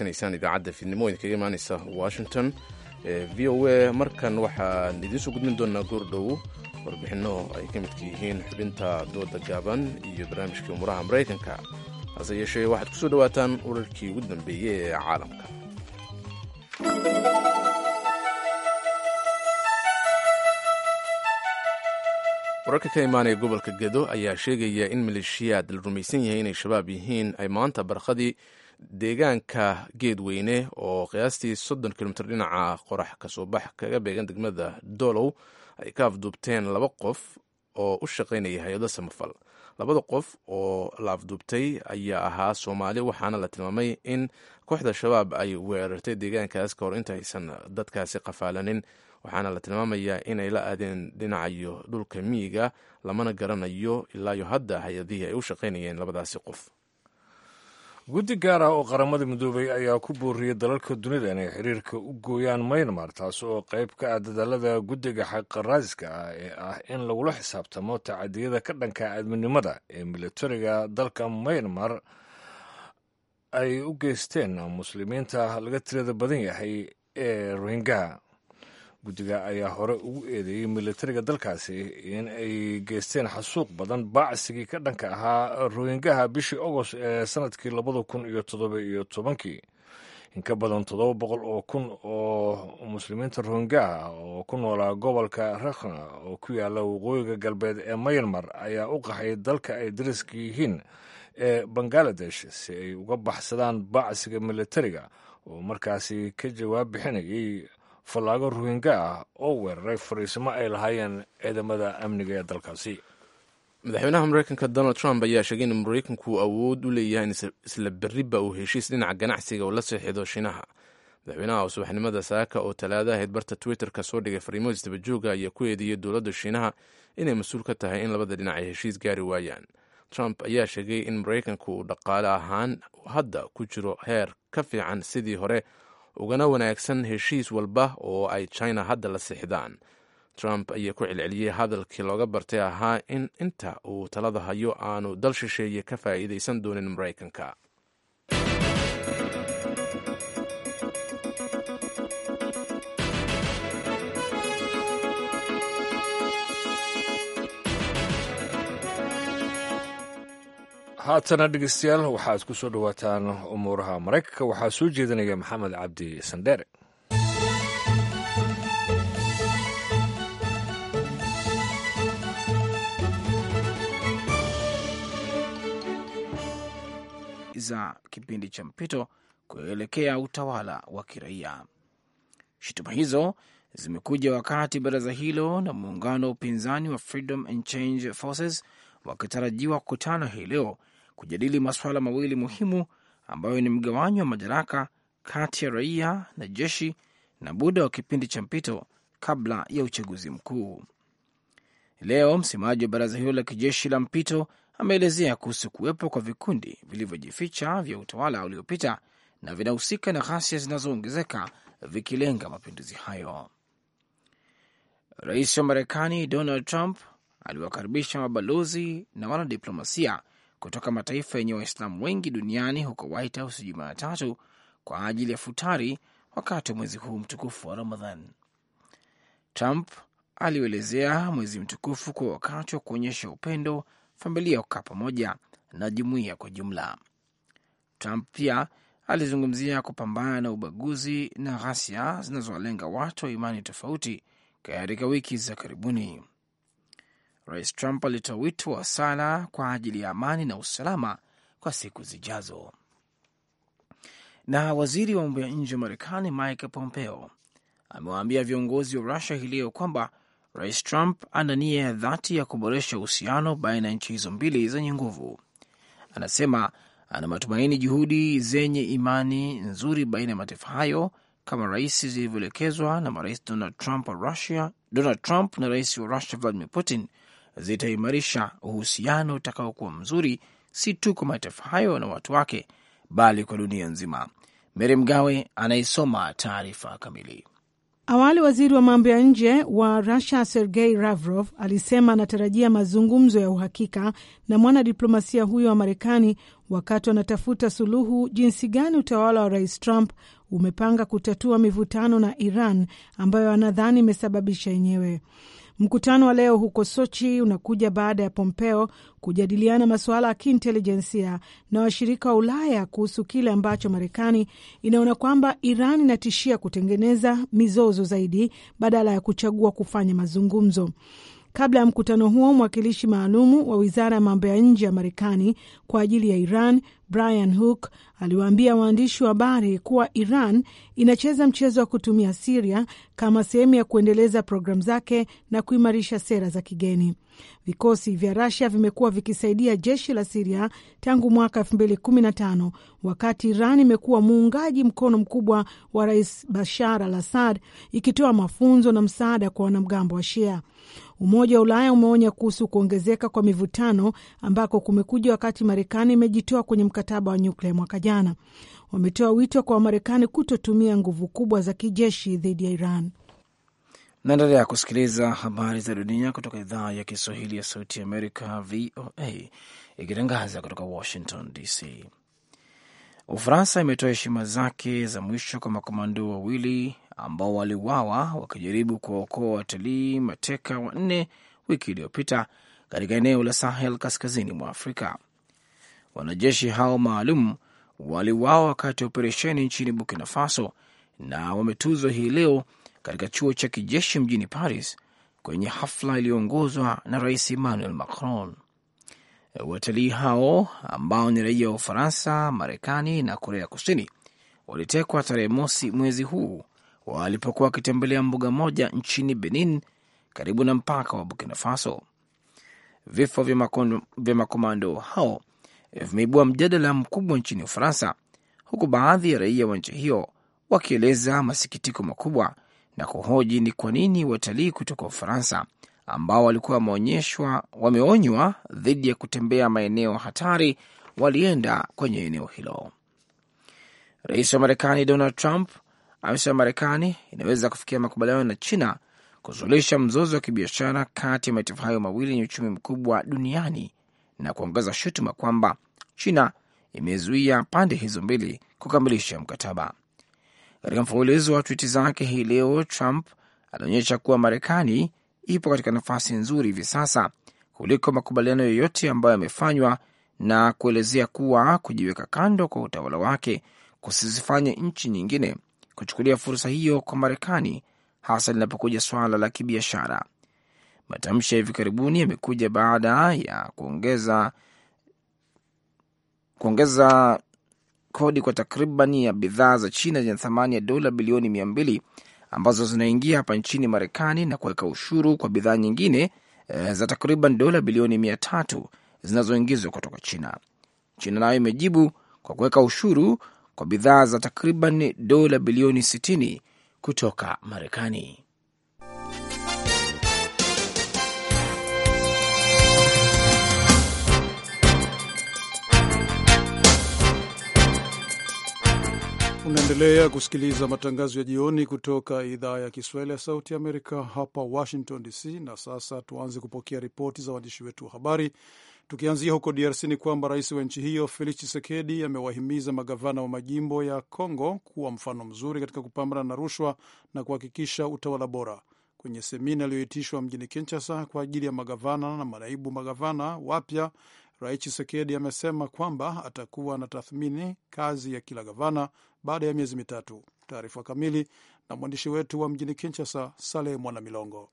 idaacadda fiidnimooyinka iga imaaneysa washington v o a markan waxaan idiinsoo gudbin doonaa goor dhow warbixinno ay ka midka yihiin xubinta dooda gaaban iyo barnaamijka umuraha maraykanka hase yeeshee waxaad ku soo dhowaataan wararkii ugu dambeeyey ee caalamka wararka ka imaanaya gobolka gedo ayaa sheegaya in maleeshiyaad la yahay inay shabaab yihiin ay maanta barqadii deegaanka geedweyne oo qiyaastii soddon kilomitr dhinaca qorax kasoo bax kaga beegan degmada dolow ay ka afduubteen laba qof oo u shaqaynaya hay-ado samafal labada qof oo la afduubtay ayaa ahaa soomaali waxaana la tilmaamay in kooxda shabaab ay weerartay deegaankaas kahor inta aysan dadkaasi qafaalanin waxaana la tilmaamayaa inay la aadeen dhinacayo dhulka miyiga lamana garanayo ilaayo hadda hay-adihii ay u shaqaynayeen labadaasi qof guddi gaar ah oo qaramada midoobay ayaa ku booriyay dalalka dunida inay xiriirka u gooyaan maynmar taas oo qayb ka ah dadaalada guddiga xaqaraasiska ah ee ah in lagula xisaabtamo tacadiyada ka dhanka aadminimada ee milatariga dalka maynmar ay u geysteen muslimiinta laga tirada badan yahay ee rohingya guddiga ayaa hore ugu eedeeyey militariga dalkaasi in ay geysteen xasuuq badan baacsigii ka dhanka ahaa royingaha bishii agost ee sanadkii labada kun iyo toddoba iyo tobankii in ka badan todoba boqol oo kun oo muslimiinta royingaha oo ku noolaa gobolka rakhna oo ku yaala waqooyiga galbeed ee mayanmar ayaa u qaxay dalka ay dariska yihiin ee bangaladesh si ay uga baxsadaan baacsiga militariga oo markaasi ka jawaab bixinayay fallaago ruhinga ah oo weeraray fariisimo ay lahaayeen ciidamada amniga ee dalkaasi madaxweynaha mareykanka donald trump ayaa sheegay in mareykanku awood u leeyahay in isla berriba uu heshiis dhinaca ganacsiga uu la seexido shiinaha madaxweynaha subaxnimada saaka oo talaada ahayd barta twitter-ka soo dhigay fariimo isdabajooga ayaa ku eedeeyay dowladda shiinaha inay mas-uul ka tahay in labada dhinac ay heshiis gaari waayaan trump ayaa sheegay in mareykanku uu dhaqaale ahaan hadda ku jiro heer ka fiican sidii hore ugana wanaagsan heshiis walba oo ay china hadda la sixdaan trump ayaa ku celceliyey hadalkii looga bartay ahaa in inta uu talada hayo aanu dal shisheeye ka faa'iidaysan doonin maraykanka haatana dhegeystayaal waxaad ku soo dhawaataan umuuraha maraykanka waxaa soo jeedinaya maxamed cabdi sandheere za kipindi cha mpito kuelekea utawala wa kiraia. Shutuma hizo zimekuja wakati baraza hilo na muungano wa upinzani wa Freedom and Change Forces wakitarajiwa kukutana hii leo kujadili masuala mawili muhimu ambayo ni mgawanyo wa madaraka kati ya raia na jeshi na muda wa kipindi cha mpito kabla ya uchaguzi mkuu. Leo msemaji wa baraza hilo la kijeshi la mpito ameelezea kuhusu kuwepo kwa vikundi vilivyojificha vya utawala uliopita na vinahusika na ghasia zinazoongezeka vikilenga mapinduzi hayo. Rais wa Marekani Donald Trump aliwakaribisha mabalozi na wanadiplomasia kutoka mataifa yenye Waislamu wengi duniani huko White House Jumatatu kwa ajili ya futari wakati wa mwezi huu mtukufu wa Ramadhan. Trump aliuelezea mwezi mtukufu kwa wakati wa kuonyesha upendo, familia kukaa pamoja na jumuiya kwa jumla. Trump pia alizungumzia kupambana na ubaguzi na ghasia zinazowalenga watu wa imani tofauti katika wiki za karibuni. Rais Trump alitoa wito wa sala kwa ajili ya amani na usalama kwa siku zijazo. Na waziri wa mambo ya nje wa Marekani Mike Pompeo amewaambia viongozi wa Rusia hii leo kwamba Rais Trump ana nia ya dhati ya kuboresha uhusiano baina ya nchi hizo mbili zenye nguvu. Anasema ana matumaini juhudi zenye imani nzuri baina ya mataifa hayo kama rais zilivyoelekezwa na marais Donald Trump wa Russia, Donald Trump na rais wa Russia Vladimir Putin zitaimarisha uhusiano utakaokuwa mzuri si tu kwa mataifa hayo na watu wake, bali kwa dunia nzima. mery Mgawe anaisoma taarifa kamili. Awali waziri wa mambo ya nje wa Rusia Sergei Lavrov alisema anatarajia mazungumzo ya uhakika na mwanadiplomasia huyo wa Marekani wakati wanatafuta suluhu jinsi gani utawala wa rais Trump umepanga kutatua mivutano na Iran ambayo anadhani imesababisha yenyewe. Mkutano wa leo huko Sochi unakuja baada ya Pompeo kujadiliana masuala ya kiintelijensia na washirika wa Ulaya kuhusu kile ambacho Marekani inaona kwamba Iran inatishia kutengeneza mizozo zaidi badala ya kuchagua kufanya mazungumzo. Kabla ya mkutano huo, mwakilishi maalumu wa wizara ya mambo ya nje ya Marekani kwa ajili ya Iran Brian Hook aliwaambia waandishi wa habari kuwa Iran inacheza mchezo wa kutumia Siria kama sehemu ya kuendeleza programu zake na kuimarisha sera za kigeni. Vikosi vya Rasia vimekuwa vikisaidia jeshi la Siria tangu mwaka 2015 wakati Iran imekuwa muungaji mkono mkubwa wa Rais Bashar al Assad, ikitoa mafunzo na msaada kwa wanamgambo wa Shia. Umoja wa Ulaya umeonya kuhusu kuongezeka kwa mivutano ambako kumekuja wakati Marekani imejitoa kwenye mkataba wa nyuklia mwaka jana. Wametoa wito kwa Wamarekani kutotumia nguvu kubwa za kijeshi dhidi ya Iran. Naendelea kusikiliza habari za dunia kutoka idhaa ya Kiswahili ya Sauti ya Amerika, VOA, ikitangaza kutoka Washington DC. Ufaransa imetoa heshima zake za mwisho kwa makomando wawili ambao waliuawa wakijaribu kuwaokoa watalii mateka wanne wiki iliyopita katika eneo la Sahel kaskazini mwa Afrika. Wanajeshi hao maalum waliuawa wakati wa operesheni nchini Burkina Faso na wametuzwa hii leo katika chuo cha kijeshi mjini Paris kwenye hafla iliyoongozwa na Rais Emmanuel Macron. Watalii hao ambao ni raia wa Ufaransa, Marekani na Korea Kusini walitekwa tarehe mosi mwezi huu walipokuwa wakitembelea mbuga moja nchini Benin karibu na mpaka wa Burkina Faso. Vifo vya makomando hao vimeibua mjadala mkubwa nchini Ufaransa, huku baadhi ya raia wa nchi hiyo wakieleza masikitiko makubwa na kuhoji ni kwa nini watalii kutoka Ufaransa ambao walikuwa wameonyeshwa wameonywa dhidi ya kutembea maeneo hatari walienda kwenye eneo hilo. Rais wa Marekani Donald Trump amesema Marekani inaweza kufikia makubaliano na China kusuluhisha mzozo wa kibiashara kati ya mataifa hayo mawili yenye uchumi mkubwa duniani na kuongeza shutuma kwamba China imezuia pande hizo mbili kukamilisha mkataba. Katika mfululizo wa twiti zake hii leo, Trump alionyesha kuwa Marekani ipo katika nafasi nzuri hivi sasa kuliko makubaliano yoyote ambayo yamefanywa, na kuelezea kuwa kujiweka kando kwa utawala wake kusizifanye nchi nyingine kuchukulia fursa hiyo kwa Marekani, hasa linapokuja swala la kibiashara. Matamshi ya hivi karibuni yamekuja baada ya kuongeza kuongeza kodi kwa takribani ya bidhaa za China zenye thamani ya dola bilioni mia mbili ambazo zinaingia hapa nchini Marekani na kuweka ushuru kwa bidhaa nyingine e, za takriban dola bilioni mia tatu zinazoingizwa kutoka China. China nayo imejibu kwa kuweka ushuru kwa bidhaa za takriban dola bilioni 60 kutoka Marekani. Unaendelea kusikiliza matangazo ya jioni kutoka idhaa ya Kiswahili ya Sauti ya Amerika hapa Washington DC. Na sasa tuanze kupokea ripoti za waandishi wetu wa habari Tukianzia huko DRC ni kwamba rais wa nchi hiyo Felix Tshisekedi amewahimiza magavana wa majimbo ya congo kuwa mfano mzuri katika kupambana na rushwa na kuhakikisha utawala bora. Kwenye semina iliyoitishwa mjini Kinshasa kwa ajili ya magavana na manaibu magavana wapya, rais Tshisekedi amesema kwamba atakuwa anatathmini kazi ya kila gavana baada ya miezi mitatu. Taarifa kamili na mwandishi wetu wa mjini Kinshasa, Saleh Mwanamilongo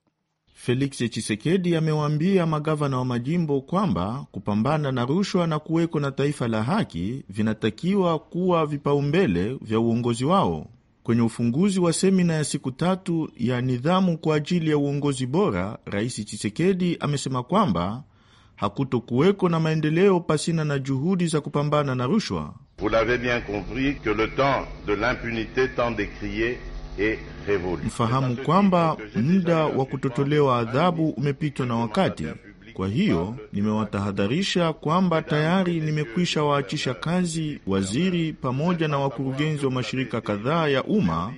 feliksi Chisekedi amewaambia magavana wa majimbo kwamba kupambana na rushwa na kuweko na taifa la haki vinatakiwa kuwa vipaumbele vya uongozi wao. Kwenye ufunguzi wa semina ya siku tatu ya nidhamu kwa ajili ya uongozi bora, Rais Chisekedi amesema kwamba hakutokuweko na maendeleo pasina na juhudi za kupambana na rushwa. Vous l'avez bien compris que le temps de tant E, Mfahamu kwamba muda wa kutotolewa adhabu umepitwa na wakati. Kwa hiyo nimewatahadharisha kwamba tayari nimekwisha waachisha kazi waziri pamoja na wakurugenzi wa mashirika kadhaa ya umma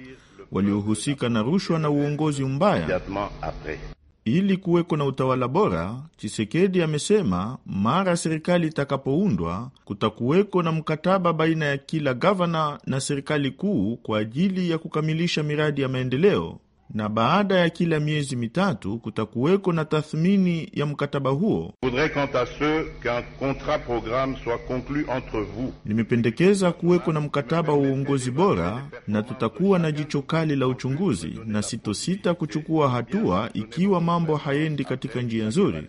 waliohusika na rushwa na uongozi mbaya. Ili kuweko na utawala bora, Chisekedi amesema mara serikali itakapoundwa kutakuweko na mkataba baina ya kila gavana na serikali kuu kwa ajili ya kukamilisha miradi ya maendeleo na baada ya kila miezi mitatu kutakuweko na tathmini ya mkataba huo. Nimependekeza kuweko na mkataba wa uongozi bora, na tutakuwa na jicho kali la uchunguzi na sitosita kuchukua hatua ikiwa mambo hayendi katika njia nzuri.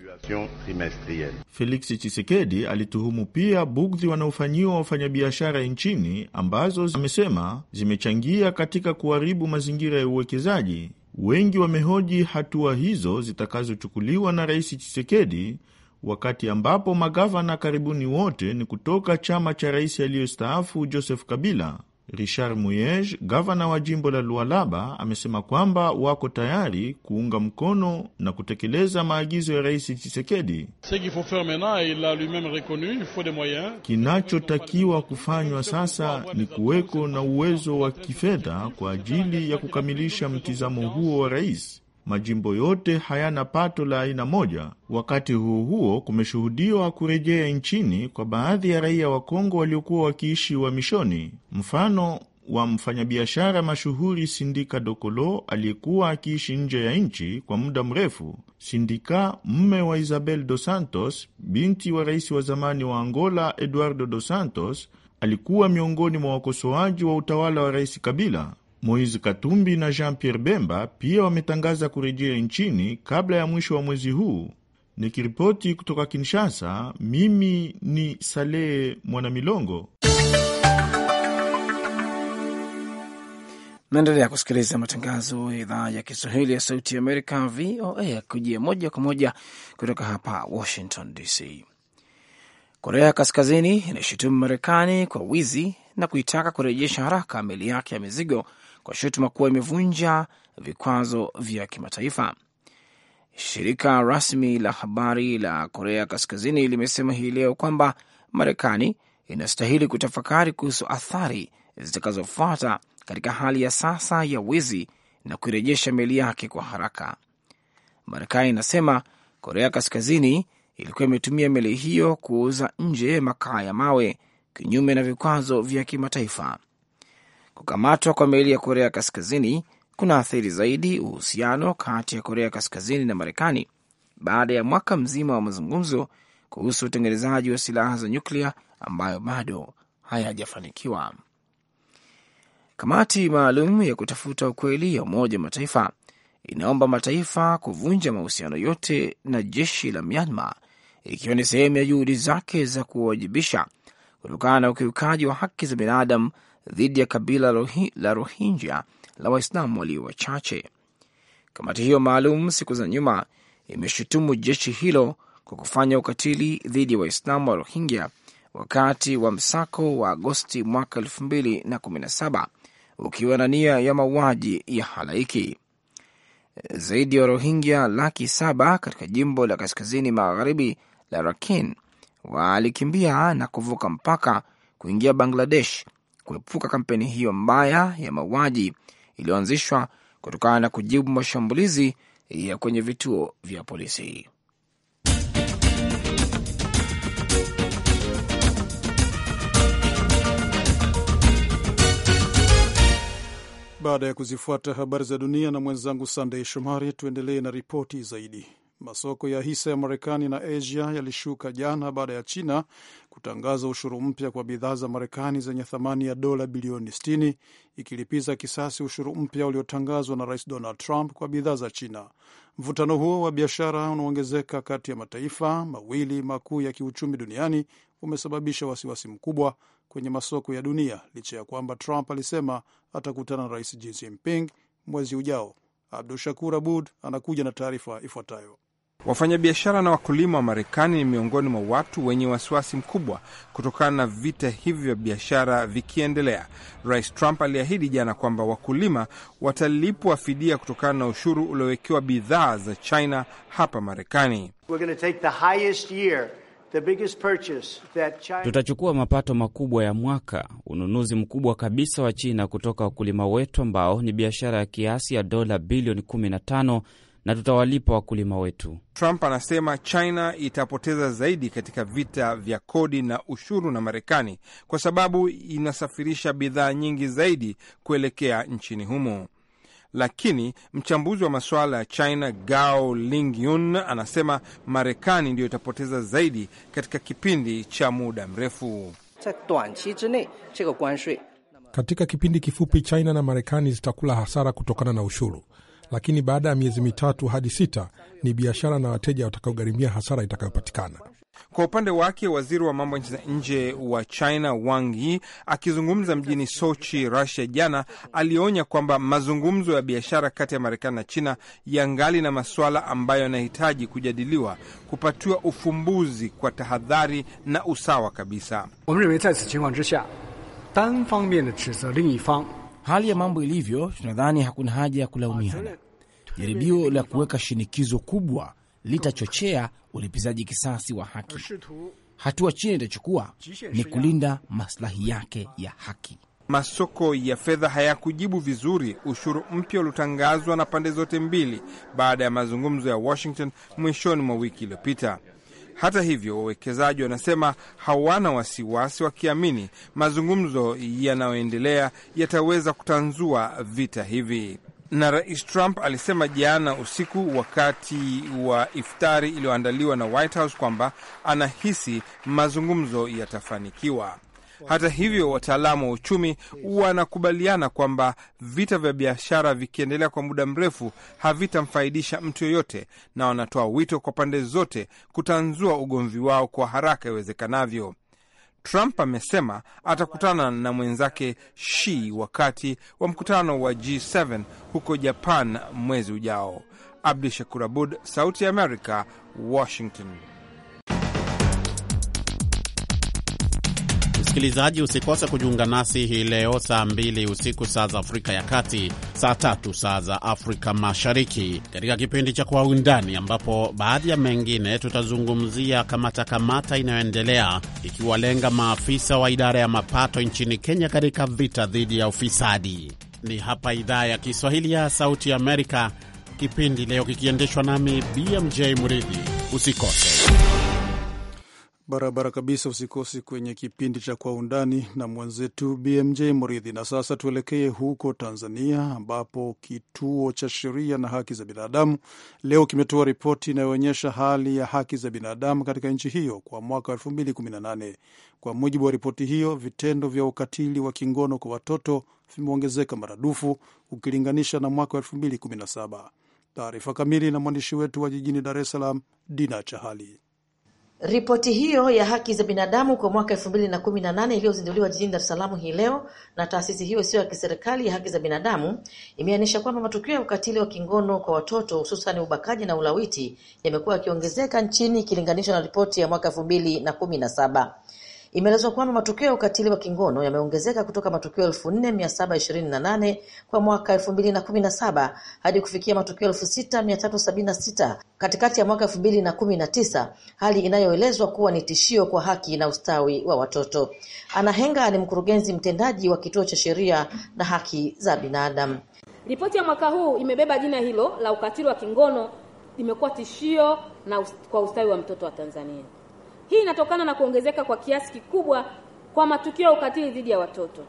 Felix chisekedi alituhumu pia bugdhi wanaofanyiwa wafanyabiashara nchini ambazo amesema zimechangia katika kuharibu mazingira ya uwekezaji Wengi wamehoji hatua hizo zitakazochukuliwa na Rais Chisekedi, wakati ambapo magavana karibuni wote ni kutoka chama cha rais aliyostaafu Joseph Kabila Richard Muyej, gavana wa jimbo la Lualaba, amesema kwamba wako tayari kuunga mkono na kutekeleza maagizo ya Rais chisekedi Kinachotakiwa kufanywa sasa ni kuweko na uwezo wa kifedha kwa ajili ya kukamilisha mtizamo huo wa rais majimbo yote hayana pato la aina moja. Wakati huo huo, kumeshuhudiwa kurejea nchini kwa baadhi ya raia wa Kongo waliokuwa wakiishi uhamishoni, mfano wa mfanyabiashara mashuhuri Sindika Dokolo aliyekuwa akiishi nje ya nchi kwa muda mrefu. Sindika, mme wa Isabel Dos Santos, binti wa rais wa zamani wa Angola Eduardo Dos Santos, alikuwa miongoni mwa wakosoaji wa utawala wa Rais Kabila. Moise Katumbi na Jean Pierre Bemba pia wametangaza kurejea nchini kabla ya mwisho wa mwezi huu. Nikiripoti kutoka Kinshasa, mimi ni Salehe Mwanamilongo. Naendelea kusikiliza matangazo ya idhaa ya Kiswahili ya Sauti ya Amerika, VOA, yakujia moja kwa moja kutoka hapa Washington DC. Korea Kaskazini inashutumu Marekani kwa wizi na kuitaka kurejesha haraka meli yake ya mizigo kwa shutuma kuwa imevunja vikwazo vya kimataifa. Shirika rasmi la habari la Korea Kaskazini limesema hii leo kwamba Marekani inastahili kutafakari kuhusu athari zitakazofuata katika hali ya sasa ya wizi na kuirejesha meli yake kwa haraka. Marekani inasema Korea Kaskazini ilikuwa imetumia meli hiyo kuuza nje makaa ya mawe kinyume na vikwazo vya kimataifa Kukamatwa kwa meli ya Korea Kaskazini kuna athiri zaidi uhusiano kati ya Korea Kaskazini na Marekani baada ya mwaka mzima wa mazungumzo kuhusu utengenezaji wa silaha za nyuklia ambayo bado hayajafanikiwa. Kamati maalum ya kutafuta ukweli ya Umoja wa Mataifa inaomba mataifa kuvunja mahusiano yote na jeshi la Myanmar, ikiwa ni sehemu ya juhudi zake za kuwajibisha kutokana na ukiukaji wa haki za binadamu dhidi ya kabila la Rohingya la Waislamu walio wachache. Kamati hiyo maalum siku za nyuma imeshutumu jeshi hilo kwa kufanya ukatili dhidi ya Waislamu wa Rohingya wakati wa msako wa Agosti mwaka na kumi saba ukiwa na nia ya mauaji ya halaiki. Zaidi ya wa Rohingya laki saba katika jimbo la kaskazini magharibi la Rakhine walikimbia na kuvuka mpaka kuingia Bangladesh kuepuka kampeni hiyo mbaya ya mauaji iliyoanzishwa kutokana na kujibu mashambulizi ya kwenye vituo vya polisi. Baada ya kuzifuata habari za dunia na mwenzangu Sandey Shomari, tuendelee na ripoti zaidi. Masoko ya hisa ya Marekani na Asia yalishuka jana baada ya China kutangaza ushuru mpya kwa bidhaa za Marekani zenye thamani ya dola bilioni 60 ikilipiza kisasi ushuru mpya uliotangazwa na Rais Donald Trump kwa bidhaa za China. Mvutano huo wa biashara unaoongezeka kati ya mataifa mawili makuu ya kiuchumi duniani umesababisha wasiwasi mkubwa kwenye masoko ya dunia licha ya kwamba Trump alisema atakutana na Rais Xi Jinping mwezi ujao. Abdu Shakur Abud anakuja na taarifa ifuatayo. Wafanyabiashara na wakulima wa Marekani ni miongoni mwa watu wenye wasiwasi mkubwa kutokana na vita hivi vya biashara vikiendelea. Rais Trump aliahidi jana kwamba wakulima watalipwa fidia kutokana na ushuru uliowekewa bidhaa za China hapa Marekani. tutachukua mapato makubwa ya mwaka, ununuzi mkubwa kabisa wa China kutoka wakulima wetu ambao ni biashara ya kiasi ya dola bilioni 15 na tutawalipa wakulima wetu. Trump anasema China itapoteza zaidi katika vita vya kodi na ushuru na Marekani kwa sababu inasafirisha bidhaa nyingi zaidi kuelekea nchini humo. Lakini mchambuzi wa masuala ya China Gao Lingyun anasema Marekani ndiyo itapoteza zaidi katika kipindi cha muda mrefu. Katika kipindi kifupi, China na Marekani zitakula hasara kutokana na ushuru lakini baada ya miezi mitatu hadi sita ni biashara na wateja watakaogharimia hasara itakayopatikana. Kwa upande wake waziri wa mambo ya nchi za nje wa China Wang Yi akizungumza mjini Sochi, Rusia jana alionya kwamba mazungumzo ya biashara kati ya Marekani na China yangali na masuala ambayo yanahitaji kujadiliwa, kupatiwa ufumbuzi kwa tahadhari na usawa kabisa. Hali ya mambo ilivyo, tunadhani hakuna haja ya kulaumiana. Jaribio la kuweka shinikizo kubwa litachochea ulipizaji kisasi wa haki. Hatua China itachukua ni kulinda maslahi yake ya haki. Masoko ya fedha hayakujibu vizuri ushuru mpya uliotangazwa na pande zote mbili baada ya mazungumzo ya Washington mwishoni mwa wiki iliyopita. Hata hivyo, wawekezaji wanasema hawana wasiwasi, wakiamini mazungumzo yanayoendelea yataweza kutanzua vita hivi na Rais Trump alisema jana usiku wakati wa iftari iliyoandaliwa na White House kwamba anahisi mazungumzo yatafanikiwa. Hata hivyo, wataalamu wa uchumi wanakubaliana kwamba vita vya biashara vikiendelea kwa muda mrefu havitamfaidisha mtu yoyote, na wanatoa wito kwa pande zote kutanzua ugomvi wao kwa haraka iwezekanavyo. Trump amesema atakutana na mwenzake shi wakati wa mkutano wa G7 huko Japan mwezi ujao. Abdu Shakur Abud, Sauti ya Amerika, Washington. Msikilizaji, usikose kujiunga nasi hii leo saa mbili usiku saa za Afrika ya Kati, saa tatu saa za Afrika Mashariki, katika kipindi cha Kwa Undani, ambapo baadhi ya mengine tutazungumzia kamatakamata inayoendelea ikiwalenga maafisa wa idara ya mapato nchini Kenya katika vita dhidi ya ufisadi. Ni hapa idhaa ya Kiswahili ya Sauti Amerika, kipindi leo kikiendeshwa nami BMJ Muridhi. Usikose barabara kabisa. usikosi kwenye kipindi cha Kwa Undani na mwenzetu BMJ Mridhi. Na sasa tuelekee huko Tanzania, ambapo kituo cha sheria na haki za binadamu leo kimetoa ripoti inayoonyesha hali ya haki za binadamu katika nchi hiyo kwa mwaka 2018. Kwa mujibu wa ripoti hiyo, vitendo vya ukatili wa kingono kwa watoto vimeongezeka maradufu ukilinganisha na mwaka 2017. Taarifa kamili na mwandishi wetu wa jijini Dar es Salaam, Dina Chahali. Ripoti hiyo ya haki za binadamu kwa mwaka elfu mbili na kumi na nane iliyozinduliwa jijini Dar es Salaam hii leo na taasisi hiyo isiyo ya kiserikali ya haki za binadamu imeainisha kwamba matukio ya ukatili wa kingono kwa watoto hususani ubakaji na ulawiti yamekuwa yakiongezeka nchini ikilinganishwa na ripoti ya mwaka elfu mbili na kumi na saba. Imeelezwa kwamba matukio ya ukatili wa kingono yameongezeka kutoka matukio 4728 kwa mwaka elfu hadi kufikia matukio 6376 katikati ya mwaka elfu hali inayoelezwa kuwa ni tishio kwa haki na ustawi wa watoto. Anahenga ni mkurugenzi mtendaji wa kituo cha sheria na haki za binadamu. Ripoti ya mwaka huu imebeba jina hilo la ukatili wa kingono, imekuwa tishio na kwa ustawi wa mtoto wa Tanzania. Hii inatokana na kuongezeka kwa kiasi kikubwa kwa matukio ya ukatili dhidi ya watoto,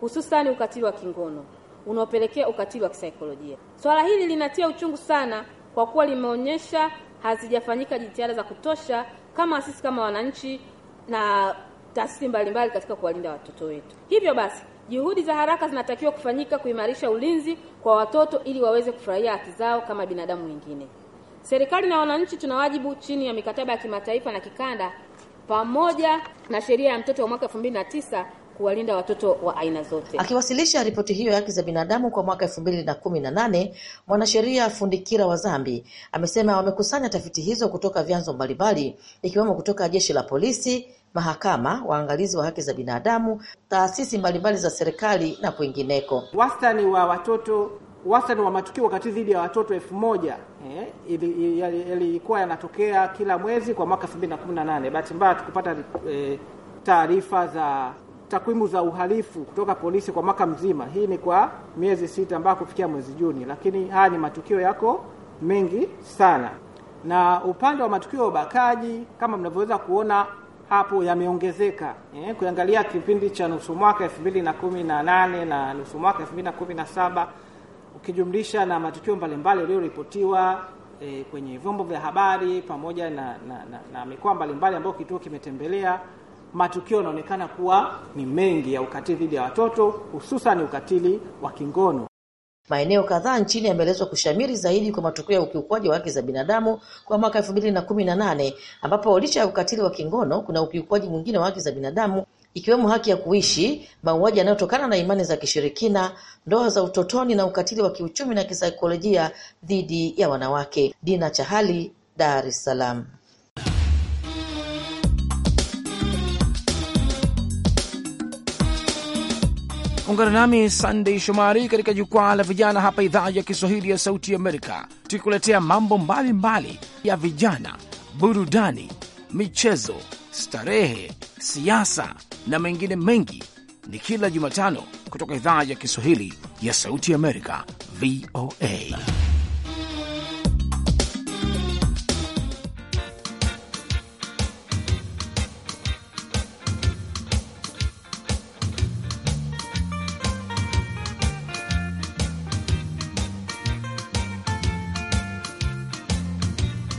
hususani ukatili wa kingono unaopelekea ukatili wa kisaikolojia. Swala hili linatia uchungu sana kwa kuwa limeonyesha hazijafanyika jitihada za kutosha kama sisi kama wananchi na taasisi mbalimbali katika kuwalinda watoto wetu. Hivyo basi, juhudi za haraka zinatakiwa kufanyika kuimarisha ulinzi kwa watoto ili waweze kufurahia haki zao kama binadamu wengine. Serikali na wananchi tuna wajibu chini ya mikataba ya kimataifa na kikanda pamoja na sheria ya mtoto wa mwaka tisa kuwalinda watoto wa aina zote. Akiwasilisha ripoti hiyo ya haki za binadamu kwa mwaka elfu mbili na kumi na nane, mwanasheria Fundikira wa Zambi amesema wamekusanya tafiti hizo kutoka vyanzo mbalimbali ikiwemo kutoka jeshi la polisi, mahakama, waangalizi wa haki za binadamu, taasisi mbalimbali za serikali na kwingineko. Wastani wa watoto wastani wa matukio wakati dhidi ya watoto elfu moja eh, yalikuwa yanatokea kila mwezi kwa mwaka 2018. Bahati mbaya tukupata eh, taarifa za takwimu za uhalifu kutoka polisi kwa mwaka mzima. Hii ni kwa miezi sita mpaka kufikia mwezi Juni, lakini haya ni matukio yako mengi sana. Na upande wa matukio ya ubakaji kama mnavyoweza kuona hapo yameongezeka eh, kuangalia kipindi cha nusu mwaka 2018 na nusu mwaka 2017 ukijumlisha na matukio mbalimbali yaliyoripotiwa e, kwenye vyombo vya habari pamoja na, na, na, na mikoa mbalimbali ambayo kituo kimetembelea, matukio yanaonekana kuwa ni mengi ya ukatili dhidi ya watoto hususan ukatili wa kingono. Maeneo kadhaa nchini yameelezwa kushamiri zaidi kwa matukio ya ukiukwaji wa haki za binadamu kwa mwaka elfu mbili na kumi na nane ambapo licha ya ukatili wa kingono kuna ukiukwaji mwingine wa haki za binadamu ikiwemo haki ya kuishi, mauaji yanayotokana na imani za kishirikina, ndoa za utotoni na ukatili wa kiuchumi na kisaikolojia dhidi ya wanawake. Dina Chahali, Dar es Salaam. Ungana nami Sandei Shomari katika jukwaa la vijana hapa idhaa ya Kiswahili ya Sauti Amerika, tukikuletea mambo mbalimbali mbali ya vijana, burudani, michezo, starehe, siasa na mengine mengi ni kila Jumatano kutoka idhaa ya Kiswahili ya Sauti Amerika, VOA.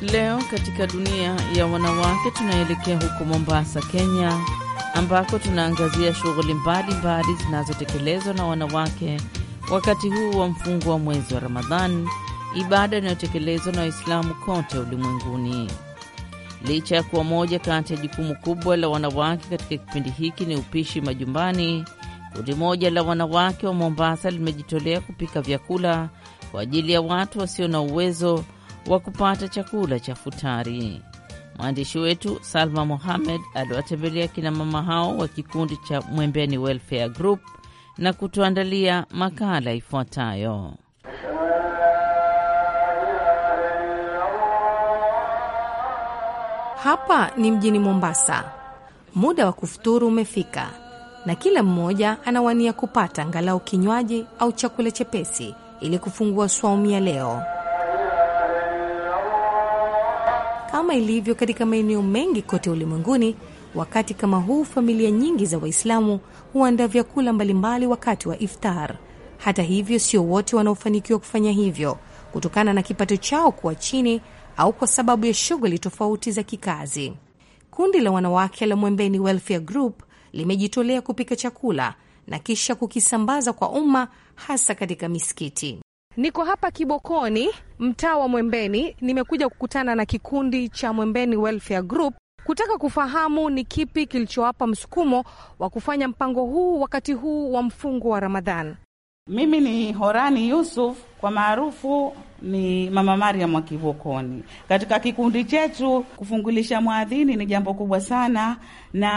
Leo katika dunia ya wanawake tunaelekea huko Mombasa, Kenya ambako tunaangazia shughuli mbalimbali zinazotekelezwa na wanawake wakati huu wa mfungo wa mwezi wa Ramadhani, ibada inayotekelezwa na Waislamu kote ulimwenguni. Licha ya kuwa moja kati ya jukumu kubwa la wanawake katika kipindi hiki ni upishi majumbani, kundi moja la wanawake wa Mombasa limejitolea kupika vyakula kwa ajili ya watu wasio na uwezo wa kupata chakula cha futari. Mwandishi wetu Salma Mohamed aliwatembelea kinamama hao wa kikundi cha Mwembeni Welfare Group na kutuandalia makala ifuatayo. Hapa ni mjini Mombasa. Muda wa kufuturu umefika na kila mmoja anawania kupata angalau kinywaji au chakula chepesi ili kufungua swaumu ya leo. kama ilivyo katika maeneo mengi kote ulimwenguni. Wakati kama huu, familia nyingi za Waislamu huandaa vyakula mbalimbali wakati wa iftar. Hata hivyo, sio wote wanaofanikiwa kufanya hivyo kutokana na kipato chao kuwa chini au kwa sababu ya shughuli tofauti za kikazi. Kundi la wanawake la Mwembeni Welfare Group limejitolea kupika chakula na kisha kukisambaza kwa umma hasa katika misikiti. Niko hapa Kibokoni, mtaa wa Mwembeni. Nimekuja kukutana na kikundi cha Mwembeni Welfare Group kutaka kufahamu ni kipi kilichowapa msukumo wa kufanya mpango huu wakati huu wa mfungo wa Ramadhan. Mimi ni Horani Yusuf kwa maarufu ni Mama Mariam wa Kivokoni. Katika kikundi chetu kufungulisha mwadhini ni jambo kubwa sana, na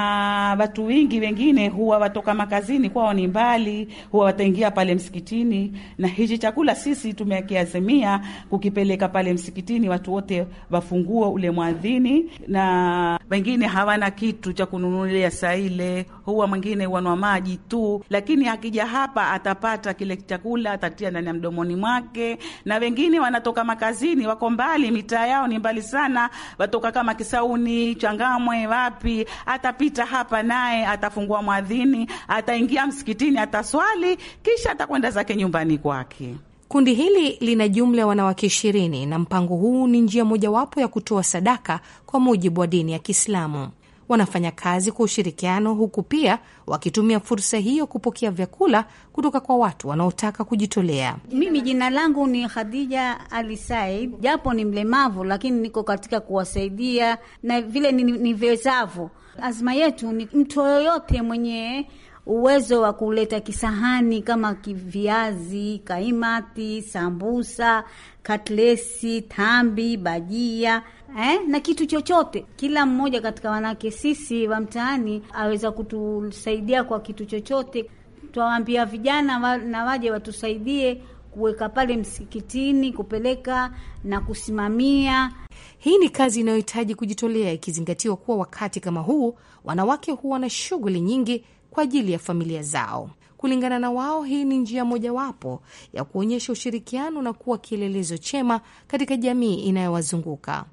watu wingi wengine huwa watoka makazini kwao ni mbali, huwa wataingia pale msikitini, na hichi chakula sisi tumekiazimia kukipeleka pale msikitini, watu wote wafungue ule mwadhini. Na wengine hawana kitu cha kununulia saile, huwa mwingine wanwa maji tu, lakini akija hapa atapata kile chakula, atatia ndani ya mdomoni mwa wake, na wengine wanatoka makazini, wako mbali, mitaa yao ni mbali sana, watoka kama Kisauni, Changamwe, wapi. Atapita hapa naye atafungua mwadhini, ataingia msikitini, ataswali, kisha atakwenda zake nyumbani kwake. Kundi hili lina jumla ya wanawake ishirini na mpango huu ni njia mojawapo ya kutoa sadaka kwa mujibu wa dini ya Kiislamu wanafanya kazi kwa ushirikiano, huku pia wakitumia fursa hiyo kupokea vyakula kutoka kwa watu wanaotaka kujitolea. Mimi jina langu ni Khadija Ali Said, japo ni mlemavu, lakini niko katika kuwasaidia na vile nivyezavyo. Azma yetu ni mtu yoyote mwenye uwezo wa kuleta kisahani kama kiviazi, kaimati, sambusa, katlesi, tambi, bajia eh, na kitu chochote. Kila mmoja katika wanawake sisi wa mtaani aweza kutusaidia kwa kitu chochote. Twawaambia vijana wa, na waje watusaidie kuweka pale msikitini, kupeleka na kusimamia. Hii ni kazi inayohitaji kujitolea, ikizingatiwa kuwa wakati kama huu wanawake huwa na shughuli nyingi kwa ajili ya familia zao. Kulingana na wao, hii ni njia mojawapo ya kuonyesha ushirikiano na kuwa kielelezo chema katika jamii inayowazunguka.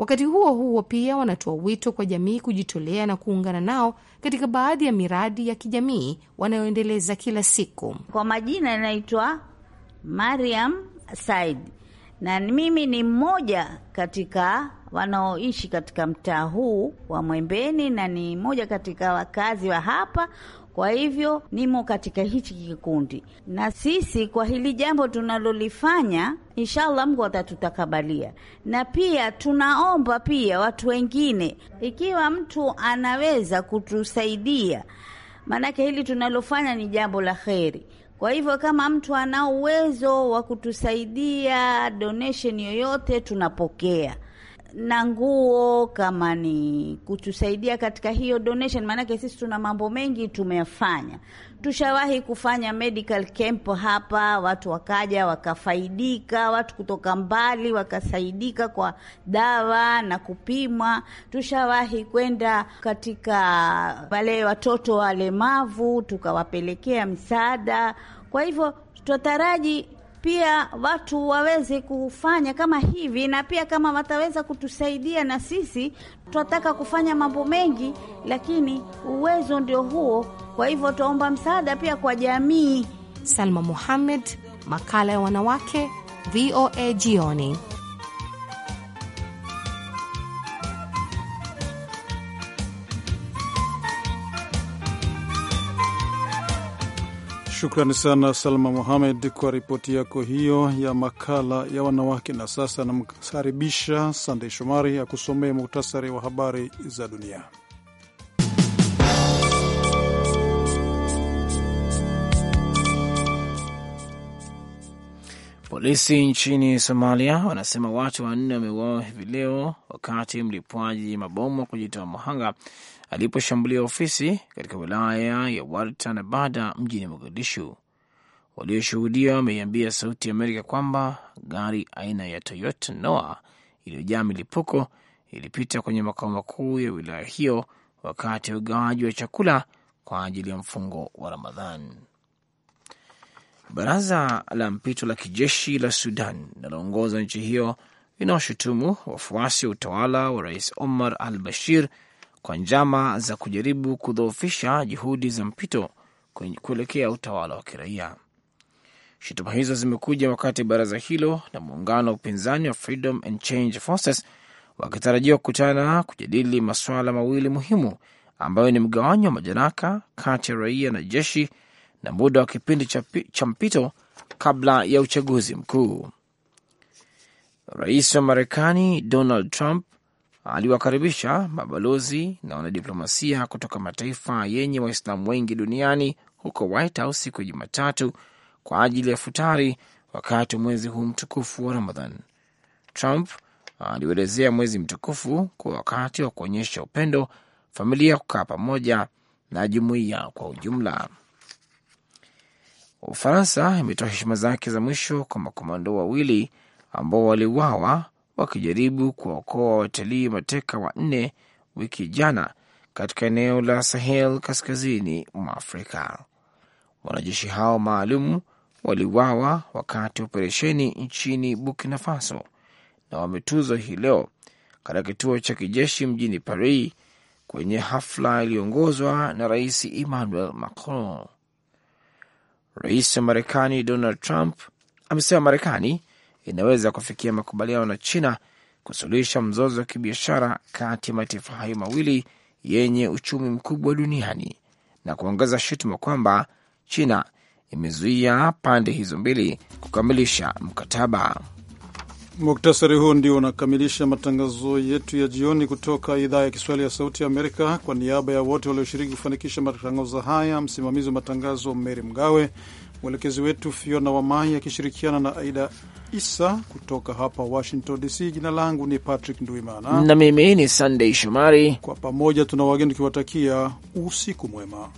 Wakati huo huo, pia wanatoa wito kwa jamii kujitolea na kuungana nao katika baadhi ya miradi ya kijamii wanayoendeleza kila siku. Kwa majina inaitwa Mariam Said na mimi ni mmoja katika wanaoishi katika mtaa huu wa Mwembeni na ni mmoja katika wakazi wa hapa kwa hivyo nimo katika hichi kikundi, na sisi kwa hili jambo tunalolifanya, inshallah Mungu atatutakabalia. Na pia tunaomba pia watu wengine, ikiwa mtu anaweza kutusaidia, maanake hili tunalofanya ni jambo la kheri. Kwa hivyo kama mtu ana uwezo wa kutusaidia donation yoyote tunapokea na nguo kama ni kutusaidia katika hiyo donation, maanake sisi tuna mambo mengi tumeyafanya. Tushawahi kufanya medical camp hapa, watu wakaja wakafaidika, watu kutoka mbali wakasaidika kwa dawa na kupimwa. Tushawahi kwenda katika wale watoto walemavu tukawapelekea msaada. Kwa hivyo tutaraji pia watu waweze kufanya kama hivi, na pia kama wataweza kutusaidia na sisi tunataka kufanya mambo mengi, lakini uwezo ndio huo. Kwa hivyo tuomba msaada pia kwa jamii. Salma muhammed makala ya wanawake, VOA jioni. Shukrani sana Salma Muhamed kwa ripoti yako hiyo ya makala ya wanawake. Na sasa namkaribisha Sandey Shomari akusomee muhtasari wa habari za dunia. Polisi nchini Somalia wanasema watu wanne wameuawa hivi leo wakati mlipwaji mabomu wa kujitoa muhanga aliposhambulia ofisi katika wilaya ya Warta na Bada mjini Mogadishu. Walioshuhudia wameiambia Sauti ya Amerika kwamba gari aina ya Toyota Noa iliyojaa milipuko ilipita kwenye makao makuu ya wilaya hiyo wakati wa ugawaji wa chakula kwa ajili ya mfungo wa Ramadhan. Baraza la mpito la kijeshi la Sudan linaloongoza nchi hiyo linaoshutumu wafuasi wa utawala wa rais Omar al Bashir kwa njama za kujaribu kudhoofisha juhudi za mpito kuelekea utawala wa kiraia. Shutuma hizo zimekuja wakati baraza hilo na muungano wa upinzani wa Freedom and Change Forces wakitarajiwa kukutana kujadili masuala mawili muhimu ambayo ni mgawanyo wa madaraka kati ya raia na jeshi na muda wa kipindi cha mpito kabla ya uchaguzi mkuu. Rais wa Marekani Donald Trump aliwakaribisha mabalozi na wanadiplomasia kutoka mataifa yenye Waislamu wengi duniani huko White House siku ya Jumatatu kwa ajili ya futari wakati wa mwezi huu mtukufu wa Ramadhan. Trump aliuelezea mwezi mtukufu kwa wakati wa kuonyesha upendo, familia kukaa pamoja na jumuiya kwa ujumla. Ufaransa imetoa heshima zake za mwisho kwa makomando wawili ambao waliuawa wakijaribu kuwaokoa watalii mateka wanne wiki jana katika eneo la Sahel kaskazini mwa Afrika. Wanajeshi hao maalum waliuawa wakati wa operesheni nchini Burkina Faso na wametuzwa hii leo katika kituo cha kijeshi mjini Paris kwenye hafla iliyoongozwa na Rais Emmanuel Macron. Rais wa Marekani Donald Trump amesema Marekani inaweza kufikia makubaliano na China kusuluhisha mzozo wa kibiashara kati ya mataifa hayo mawili yenye uchumi mkubwa duniani na kuongeza shutuma kwamba China imezuia pande hizo mbili kukamilisha mkataba. Muktasari huu ndio unakamilisha matangazo yetu ya jioni kutoka idhaa ya Kiswahili ya Sauti ya Amerika. Kwa niaba ya wote walioshiriki kufanikisha matangazo haya, msimamizi wa matangazo Meri Mgawe, Mwelekezi wetu Fiona Wamai akishirikiana na Aida Isa kutoka hapa Washington DC. Jina langu ni Patrick Nduimana na mimi ni sandey Shomari. Kwa pamoja tuna wageni tukiwatakia usiku mwema.